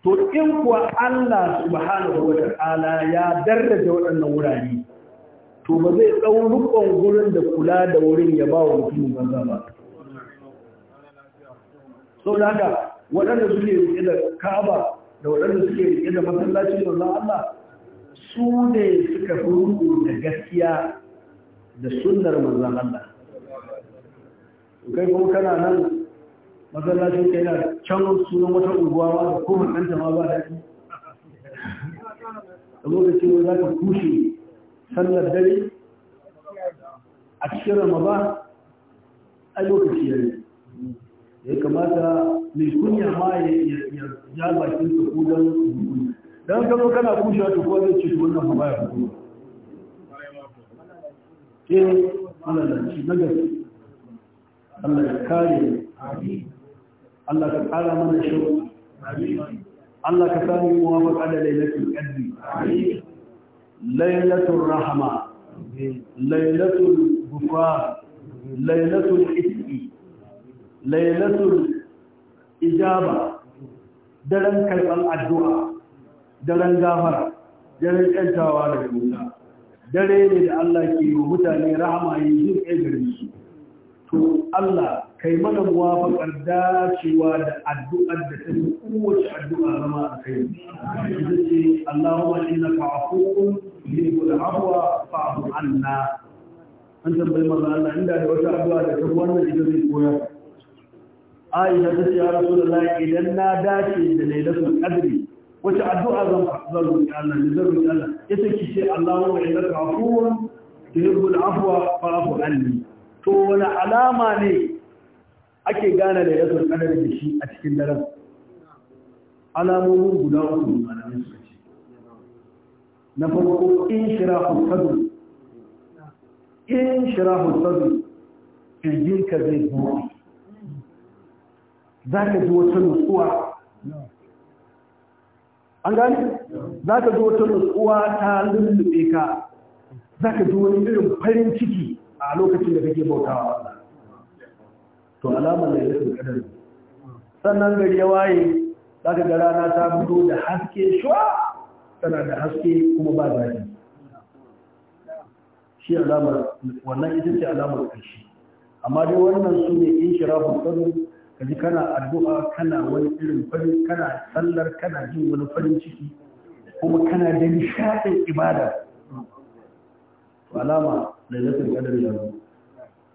to in kuwa Allah subhanahu wa ta'ala ya darraja waɗannan wurare to ba zai tsawon rukon gurin da kula da wurin ya ba wa mutumin banza ba sau da haka waɗanda suke riƙe da kaba da waɗanda suke riƙe da masallaci da Allah su ne suka fi rubu da gaskiya da sunar manzan Allah kai kuma kana nan masallacin kai na can sunan wata unguwa ba da kuma kan ma ba daɗi da lokacin za ka kushe sallar dare a cikin ba, a lokaci yare. ya kamata mai kunya ma ya ja bakin sa ko dan ka kana kushe to ko zai ce wannan ba ya fito eh Allah da shi na gaske Allah ya kare Allah ka kara mana shiru Allah ka sami muwafaqa da lailatul qadri lailatul rahma lailatul bufa lailatul ismi lailatul ijaba daren karɓar addu'a daren gafara daren kyantawa daga wuta dare ne da Allah ke yi mutane rahama yi jin ƙaidar su to Allah kai mana muwafaƙar dacewa da addu'ar da ta yi kowace addu'a zama a kai ita ce Allahumma inna ka afuwun yuhibbu al-afwa fa'fu anna an tambayi maza Allah inda da wata addu'a da ta wannan ita zai koyar Aisha ta ce ya Rasulullahi idan na dace da lailatul qadri wace addu'a zan zan roƙi Allah Ya zan roƙi Allah yi ki ce da ya afuwun tuhibbul afwa fa'fu anni to wani alama ne ake gane da yasar ƙanar da shi a cikin daren alamomin guda uku malamai suka ce na farko in shirahul sadr in shirahul sadr kirjinka zai buɗe za ka ji wata nutsuwa an gani za ka zo wata nutsuwa ta lullube ka za ka zo wani irin farin ciki a lokacin da kake bautawa to alama ne da kadar sannan gari ya waye za ka ga rana ta fito da haske shuwa tana da haske kuma ba zafi shi alamar wannan ita ce alamar ƙarshe amma dai wannan su ne in shirafin sanin kaji kana addu'a kana wani irin farin kana sallar kana jin wani farin ciki kuma kana da nishaɗin ibada to alama lailatul qadr ya zo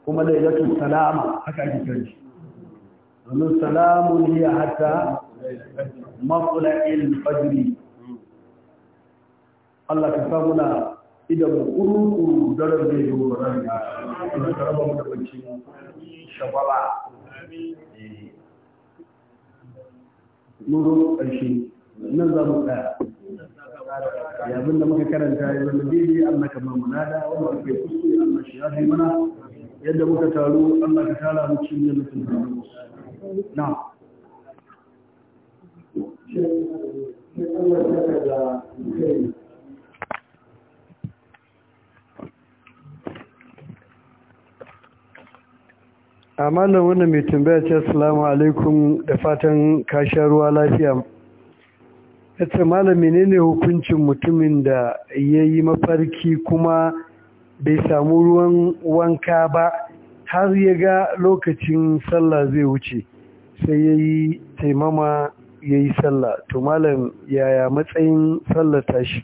kuma lailatul salama haka ake kiran shi Wannan salamun hiya hatta maqla'il fajr Allah ka samu na idan kuru daren da zo ran ka ka mu da bacci shababa Eh, mun ƙarshe nan za mu tsaya da muka karanta ya zama daidai Allah wanda ake ya mana yadda muka taru Allah ka tara mu cikin na Thank you. amalan wannan mai tambaya ce 'asalamu alaikum da fatan ka ruwa lafiya ya ce malam menene hukuncin mutumin da ya yi mafarki kuma bai samu ruwan wanka ba har ya ga lokacin sallah zai wuce sai ya yi taimama ya yi sallah to malam yaya matsayin sallah tashi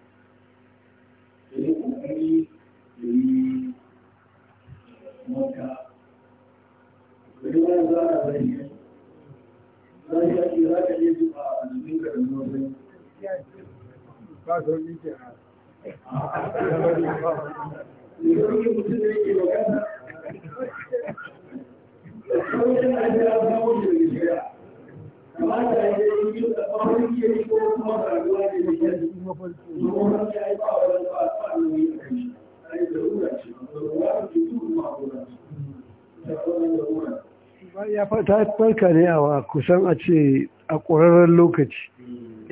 ya fata farka ne a kusan a ce a ƙwararren lokaci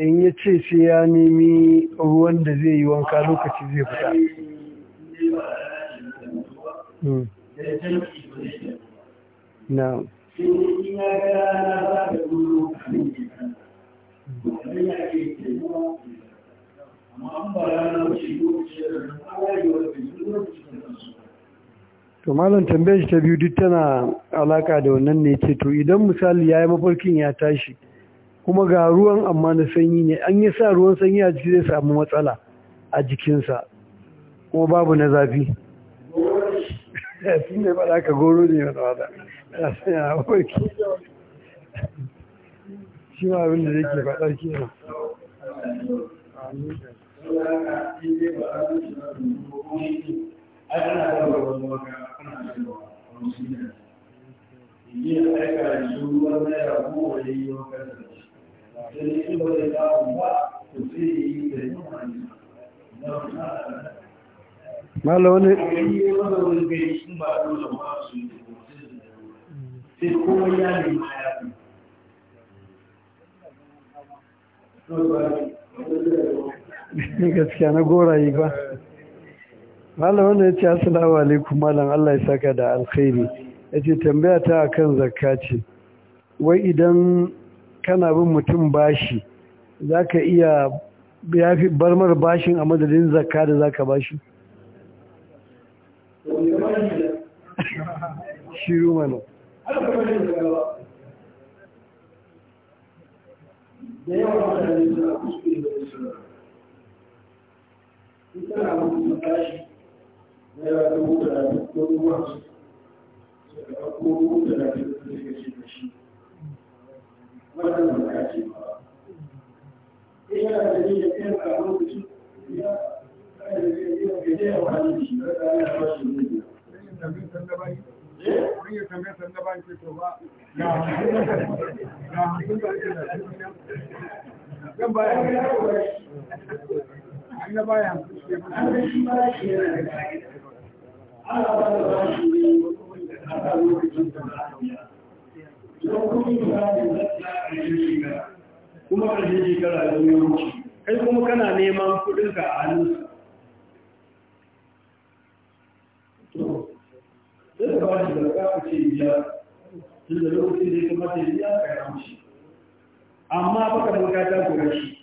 in ya ce sai ya nemi ruwan da zai yi wanka lokaci zai fita hmm. to malam tambayar shi ta biyu duk tana alaka da wannan ne ce to idan misali ya yi mafarkin ya tashi kuma ga ruwan amma na sanyi ne an yi sa ruwan sanyi a jiki zai samu matsala a jikinsa kuma babu na zafi tun da ka goro ne wata wata sanya yake wani Mala wani ya gaskiya na goraye ba malam wanda ya ce assalamu alaikum malam Allah ya saka da alkhairi ya ce tambaya ta akan zakka wai idan kana bin mutum bashi za ka iya yafi barmar bashin a madadin zakka da za ka bashi shiru mana da yawan mutane suna kuskure da suna in tana mutum bashi na yawa dubu talatin ya dubu hamsin sai ka ɗauko dubu talatin da wannan ba ce ba da da zai shi ke ga baya an shi ba yana da Ana ba da ba shi ne a lokacin da ba a kuma kuma yi ba da zata kuma kai kuma kana neman kudinka a hannunsa shi da ka amma baka bukata shi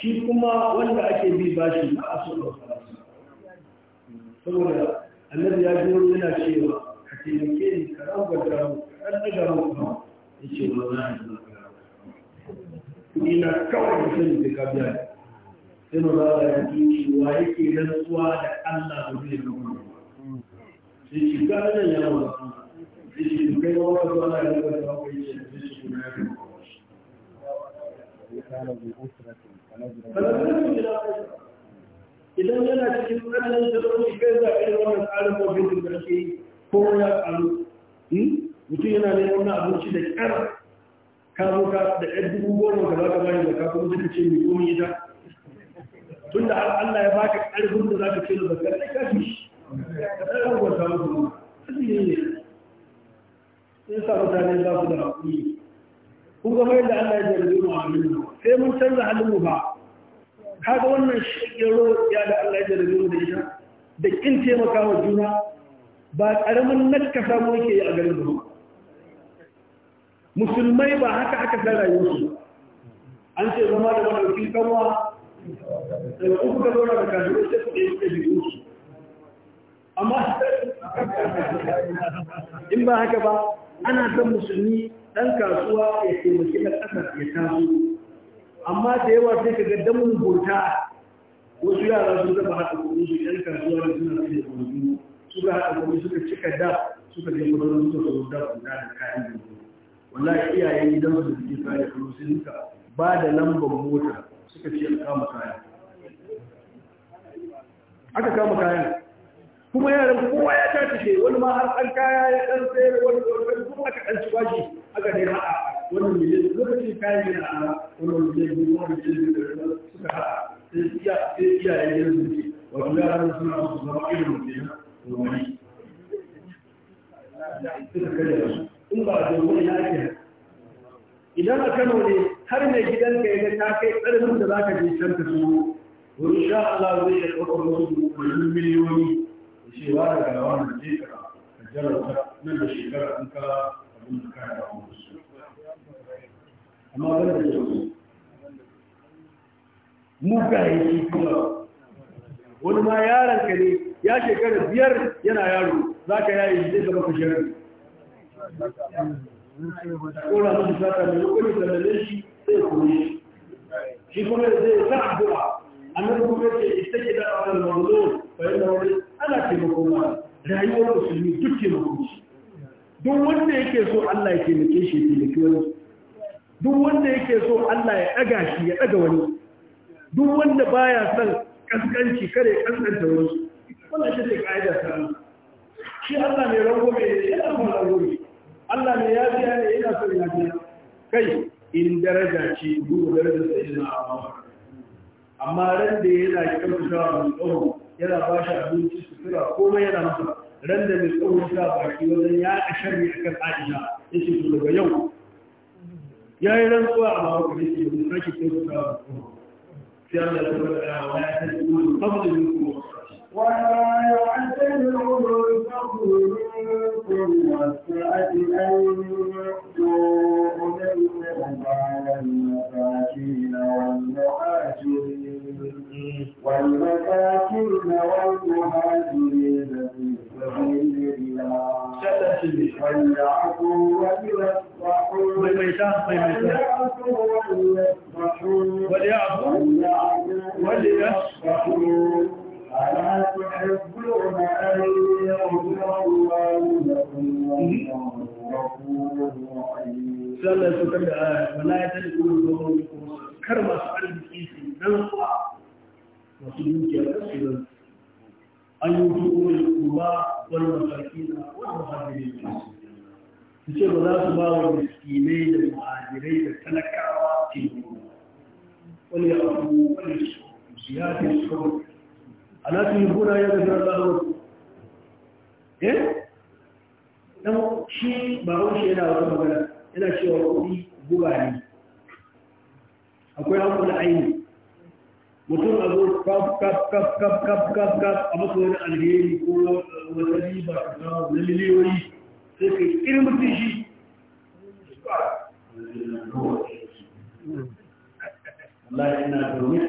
shi kuma wanda ake bi bashi ba a saboda annabi ya ji yana cewa تيمكين كلام وجرام أجرام إيش الله ina kawai mutum da kabiya sai mu zaba ya ki cewa yake rantsuwa da Allah da zai ga mu sai shi ga nan ya mu sai shi kai wa ka zo Allah ya ga ta ko yi sai shi na ya ko shi idan yana cikin wannan da kai za ka yi wannan tsarin mafi da kake yi ko ya karu hmm? mutum yana neman wani abinci da kyar ka zo ka da ɗan dubu goma ka zaka bayan da ka kuma suka ce mai komi ita tun da Allah ya baka ƙarfin da zaka ce da zakar sai ka fi shi ka ɗan gwata musu asiri ne sai sa mutane za su da haƙuri kun ga bayan da Allah ya jarabe mu a halin mu sai mun canza halin mu ba kaga wannan shigero ya da Allah ya da mu da ita da kin taimaka wa juna ba ƙaramin nakka samu yake yi a garin guru musulmai ba haka aka san su an ce zama da madaukin kanwa daga ku ku zauna da kajiru sai ku yi da biyu su amma in ba haka ba ana son musulmi ɗan kasuwa ya miki na kasar ya taso amma da yawa sai ka ga damun bauta wasu yara sun zaba haɗa kuɗin su ɗan kasuwa da suna fiye da su za gobe suka cika da suka je kudin suka zo da guda da kayan da gobe wallahi iyayen gidan su da suke kare kuma sai suka ba da lambar mota suka ce a kama kayan aka kama kayan kuma yaran kowa ya tashi wani ma har an kaya ya dan sayar wani wani kuma aka dan ci bashi aka dai haɗa wannan miliyan lokacin kayan yana ana wannan miliyan biyu wannan miliyan da suka ha'a sai iyayen gidan su ce wato yaran suna su zama irin mutum domin suka kare su in ba domin na ake idan a kano ne har mai gidan ka yi ta kai ƙarfin da za ka je can ka su wani sha Allah zai ya ɗaukar wasu kwayoyin miliyoyi da shi ba da gawa na je ka jarauta nan da shekara in ka abin da ka da wasu amma ban da jirgin mugaye shi kuma wani ma yaron ka ne ya shekara biyar yana yaro za ka yaye zai zama ka shirin kora masu sata mai lokacin da lalle shi zai kore shi shi kuma zai sa addu'a annabi kuma ce ita ke da awal mawdu bayan yana wani ana taimako ma rayuwar musulmi duk taimako shi duk wanda yake so Allah ya taimake shi ya taimaki wani duk wanda yake so Allah ya ɗaga shi ya ɗaga wani duk wanda baya son kaskanci kare kaskanta wani wannan shi ne ka'idar sanar shi Allah mai rango mai yana son rango ne Allah mai ya biya ne yana son ya biya kai in daraja ce duba darajar sai yana amma amma ran da yana kyautatawa mai tsohon yana ba shi abinci su sutura komai yana masa ran da mai tsohon sa baki wajen ya a sharri a kan aisha ya ce su daga yau ya yi rantsuwa a mawa kare ce da sake kyautatawa mai tsohon sai Allah ya tabbata ya ta yi wani fadlin kuma وما يعتل الفضل منكم والسعة أن يؤتوا أولي القربى والمساكين والمهاجرين والمساكين والمهاجرين في سبيل الله وليعفوا وليصفحوا وليعفوا وليصفحوا وليعفوا وليصفحوا ألا تحبون أن يغفر الله لكم sannan su kan da wala ya ta da wani kar masu arziki su nan masu dukiyar asirin an yi tuko da kuma wani mafarki na wani mafarki ne su ce ba za su ba wa miskinai da muhajirai da talakawa teku wani abu wani su ya fi su kawai ala tuhibuna ya gafara Allah wa eh dan shi ba wani yana wata magana yana cewa kuɗi guba ne akwai hankula aini mutum a zo kaf kaf kaf kaf kaf a maka wani alheri ko wata riba ka samu na miliyoyi sai ka irin mutum shi Allah yana domin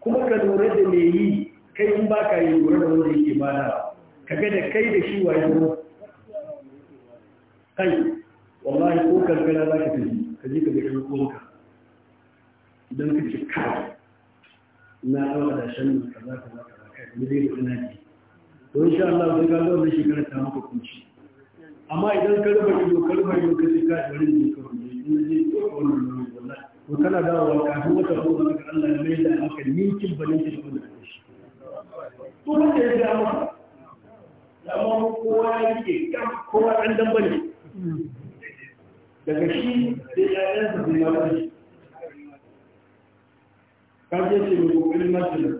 kuma ka lura da me yi kai in ba ka yi lura da wanda yake ba da, ka ga da kai da shi waye ko kai wallahi ko karkara za ka tafi ka ji ka ga ɗan uwanka don ka ci kai na ɗaura da shan nan ka za ka kai da zai da ina ne to insha Allah zai ga zo shi shekara ta maka kunci amma idan ka rubuta ido ka rubuta ido ka ce ka ɗarin ne ka rubuta ido ne ko wannan to kana dawowa kafin wata ko da Allah ya mai da maka ninkin banin ki da shi to wanda da ga maka amma kowa yake kan kowa an dan bane daga shi sai ƴaƴan su zai yawo shi ka je ce mai kokarin mace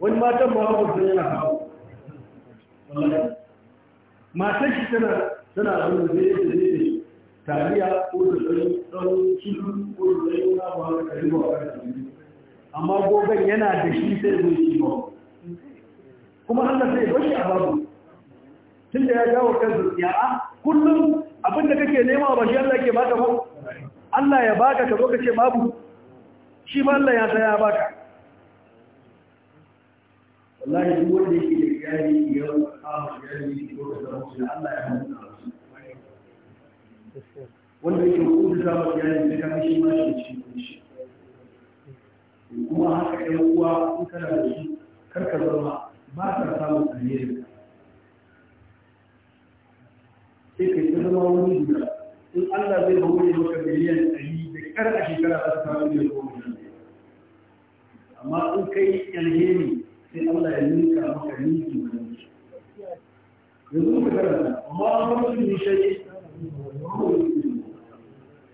wani matan ba ku yana hawo shi tana tana abin da zai Tariya ko da ɗan cikin ko da ɗan yana ba da karibu a kan amma gogon yana da shi sai zai shi ba kuma Allah sai bashi a babu tun da ya jawo kansa tsiya'a ah, kullum abin da kake nema ba shi Allah ke baka ba Allah ya baka ka zo ka ce babu shi ba Allah ya saya baka wallahi duk wanda yake da gari ya ba ya yi ko da Allah ya mutu wanda yake kudu ta mafi yanin sai ka mishi ma shi ci mishi kuma haka ɗan uwa in kana da shi karka zama ba ta samun alheri sai ka yi zama wani guda in Allah zai hore maka miliyan ɗari da ƙar a shekara za ta samu miliyan goma amma in kai alheri sai Allah ya ninka maka ninki wani yanzu ka karanta amma an mutum ne shaƙi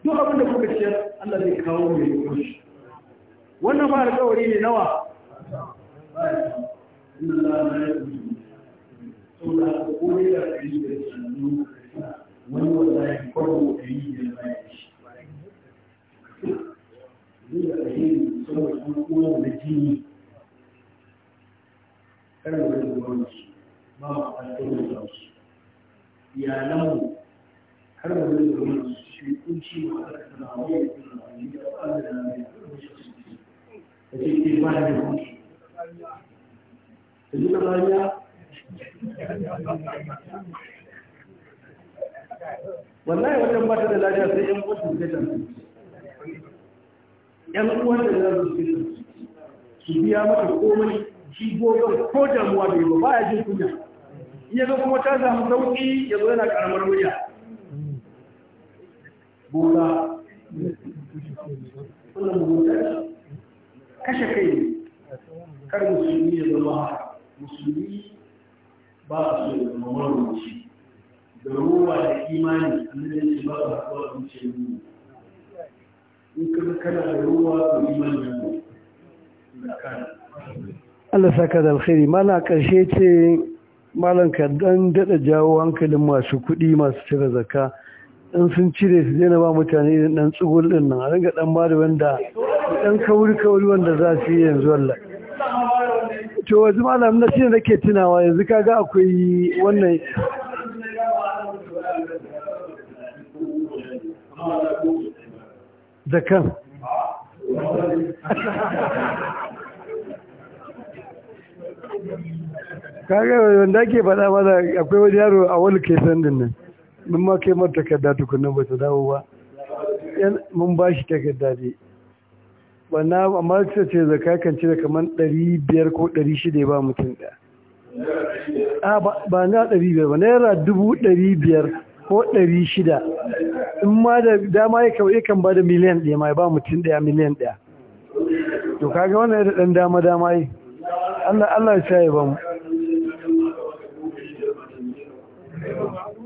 duk abin da kuka ciyar Allah zai kawo mai kushi wannan ba alƙawari ne nawa wani wallahi kwallo da yi da shi da a iyalanmu har da wani domin shi kunci ma a sana'o'i da kuma wani da ba da na mai da cikin ba da kunci da duka ya wallahi wannan ba ta da lafiya sai yan uwan da ta yan uwan da za su fita su biya mata komai shi gogon ko damuwa da ba ba ya jin kunya iya ga kuma ta samu sauki ya zo yana karamar wuya boka wannan mugunta kashe kai ne kar musulmi ya zama haka musulmi ba a so ya zama marmaci da ruwa da imani annabi ce ba a haɗuwa a zuciyar mu in ka ga kana da ruwa da imani ne Allah saka da alkhairi mana ƙarshe ce malanka dan daɗa jawo hankalin masu kuɗi masu cire zakka in sun cire su daina ba mutane ɗan tsugul ɗin nan a ringa ɗan ba da wanda ɗan kauri kauri wanda za su yi yanzu wallah to wasu malam na shi nake tunawa yanzu kaga akwai wannan zakan kaga wanda ake faɗa mana akwai wani yaro a wani kesan din nan mun ma kai mata takarda tukunan ba ta dawo ba mun ba shi takarda ne wannan amma ta ce zaka kan cire kamar 500 ko 600 ba mutum ɗaya a ba na 500 ba naira 500 ko 600 in ma da dama ya kawai kan ba da miliyan ɗaya ma ba mutum ɗaya miliyan ɗaya to kaga wannan ya da ɗan dama dama yi Allah Allah ya sa ya ba mu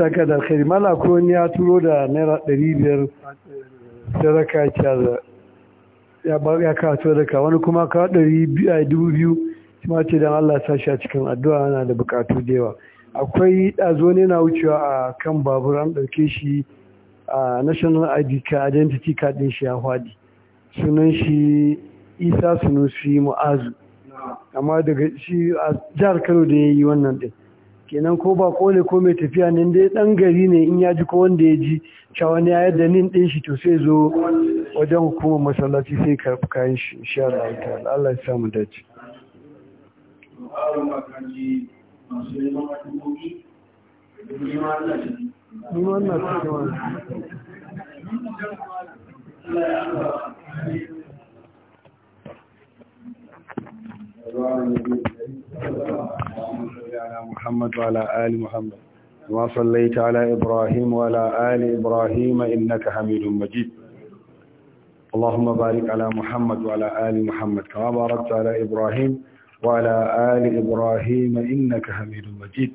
saka da alkhairi mala ko ya turo da naira 500 biyar sadaka ya ba ya kawo sadaka wani kuma dari ɗari dubu biyu kuma ce don Allah sa shi a cikin addu'a yana da bukatu da yawa akwai dazo ne na wucewa a kan babur an ɗauke shi a national id card identity card din shi ya hwadi sunan shi isa sunusi mu'azu amma daga shi a jihar kano da ya yi wannan din kenan ko ba kone ko mai tafiya nan dai dan gari ne in ya ji ko wanda ya ji cewa wani ya da nin din shi to sai zo wajen hukumar masallaci sai karɓi kayan shi insha Allah ta'ala Allah ya samu dace Thank you. صل على محمد وعلى آل محمد كما صليت على إبراهيم وعلى آل إبراهيم إنك حميد مجيد اللهم بارك على محمد وعلى آل محمد كما باركت على إبراهيم وعلى آل إبراهيم إنك حميد مجيد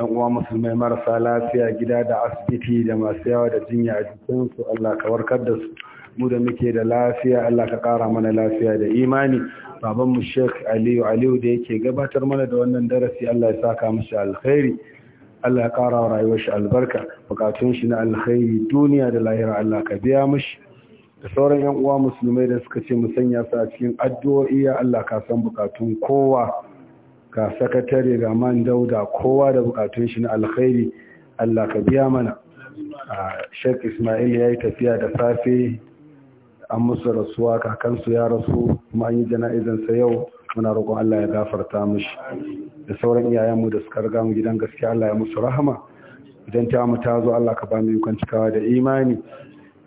uwa musulmai marasa lafiya gida da asibiti da masu yawa da jinya a jikinsu Allah ka warkar da su mu da muke da lafiya Allah ka kara mana lafiya da imani babanmu Sheikh Aliyu Aliyu da yake gabatar mana da wannan darasi Allah ya saka mishi alkhairi Allah ya ƙara rayuwar shi albarka bukatun shi na alkhairi duniya da lahira Allah ka biya mishi da sauran yan uwa musulmai da suka ce mu sanya su a cikin addu'o'i ya Allah ka san bukatun kowa ga sakatare ga man dauda kowa da bukatun shi na alkhairi Allah ka biya mana ah, Sheikh Ismail ya yi tafiya da safe an musu rasuwa kakansu ya rasu kuma an yi jana'izansa yau muna roƙon Allah ya gafarta mushi da sauran iyayenmu da suka riga mu gidan gaskiya Allah ya musu rahama idan ta mu ta zo Allah ka ba mu yukon cikawa da imani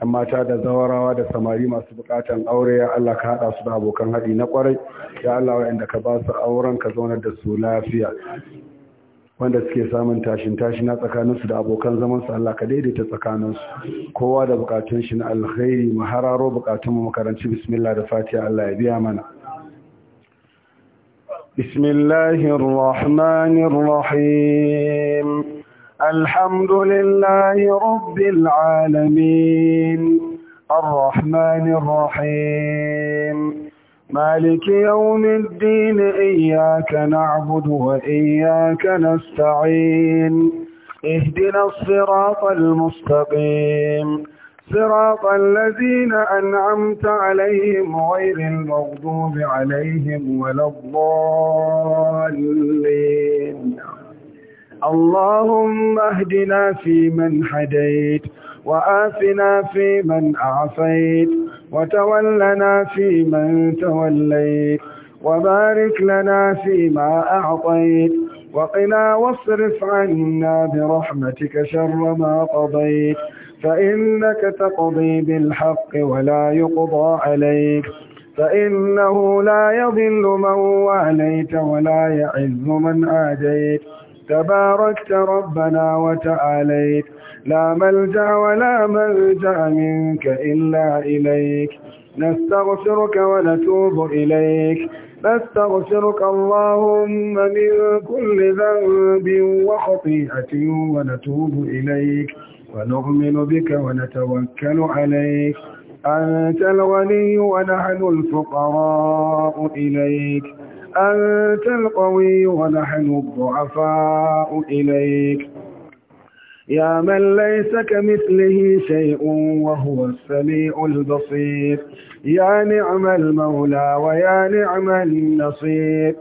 Yan mata da zawarawa da samari masu bukatan aure ya Allah ka hada su da abokan haɗi na kwarai ya Allah wa'anda ka ba su auren ka zauna da su lafiya wanda suke samun tashin tashi na tsakaninsu da abokan zamansu Allah ka daidaita tsakaninsu kowa da bukatun shi na alkhairi mu hararo bukatun mu makaranci bismillah da fatiha Allah ya biya mana bismillahir rahmanir rahim alhamdulillahi rabbil alamin الرحمن الرحيم مالك يوم الدين إياك نعبد وإياك نستعين اهدنا الصراط المستقيم صراط الذين أنعمت عليهم غير المغضوب عليهم ولا الضالين اللهم اهدنا فيمن هديت وآفنا فيمن أعفيت وتولنا فيمن توليت وبارك لنا فيما أعطيت وقنا واصرف عنا برحمتك شر ما قضيت فإنك تقضي بالحق ولا يقضى عليك فإنه لا يضل من واليت ولا يعز من عاديت تباركت ربنا وتعاليت لا ملجأ ولا ملجأ منك إلا إليك نستغفرك ونتوب إليك نستغفرك اللهم من كل ذنب وخطيئة ونتوب إليك ونؤمن بك ونتوكل عليك أنت الغني ونحن الفقراء إليك أنت القوي ونحن الضعفاء إليك يا من ليس كمثله شيء وهو السميع البصير يا نعم المولى ويا نعم النصير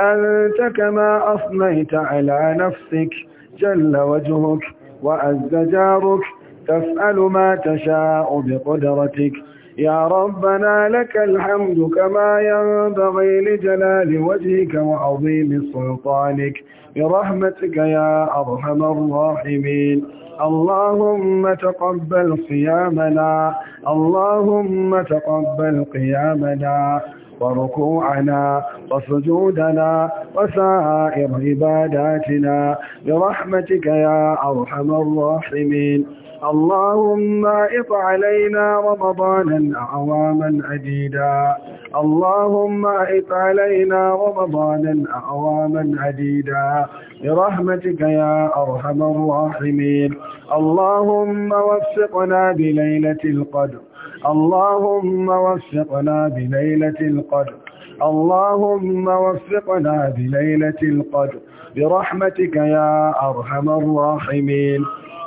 أنت كما أصنيت على نفسك جل وجهك وأز جارك تفعل ما تشاء بقدرتك يا ربنا لك الحمد كما ينبغي لجلال وجهك وعظيم سلطانك برحمتك يا أرحم الراحمين اللهم تقبل صيامنا اللهم تقبل قيامنا وركوعنا وسجودنا وسائر عباداتنا برحمتك يا أرحم الراحمين اللهم اطع علينا رمضانا أعواما عديدا اللهم اطع علينا رمضانا أعواما عديدا برحمتك يا أرحم الراحمين اللهم وفقنا بليلة القدر اللهم وفقنا بليلة القدر اللهم وفقنا بليلة القدر برحمتك يا أرحم الراحمين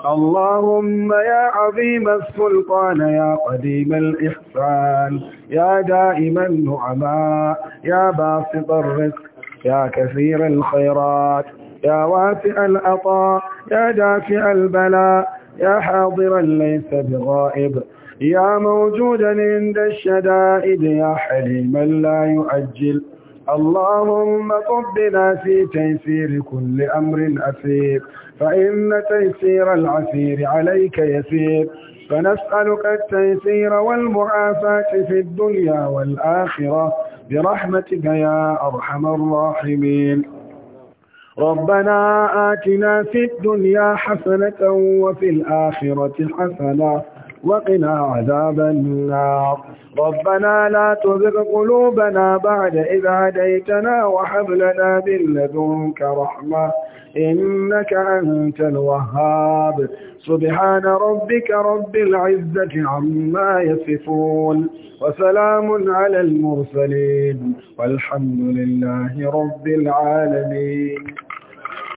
اللهم يا عظيم السلطان يا قديم الإحسان يا دائم النعماء يا باسط الرزق يا كثير الخيرات يا واسع العطاء يا دافع البلاء يا حاضرا ليس بغائب يا موجودا عند الشدائد يا حليما لا يؤجل اللهم طبنا في تيسير كل أمر أثير فإن تيسير العسير عليك يسير فنسألك التيسير والمعافاة في الدنيا والآخرة برحمتك يا أرحم الراحمين ربنا آتنا في الدنيا حسنة وفي الآخرة حسنة وقنا عذاب النار ربنا لا تزغ قلوبنا بعد إذ هديتنا وهب لنا من لدنك رحمة إنك أنت الوهاب سبحان ربك رب العزة عما يصفون وسلام على المرسلين والحمد لله رب العالمين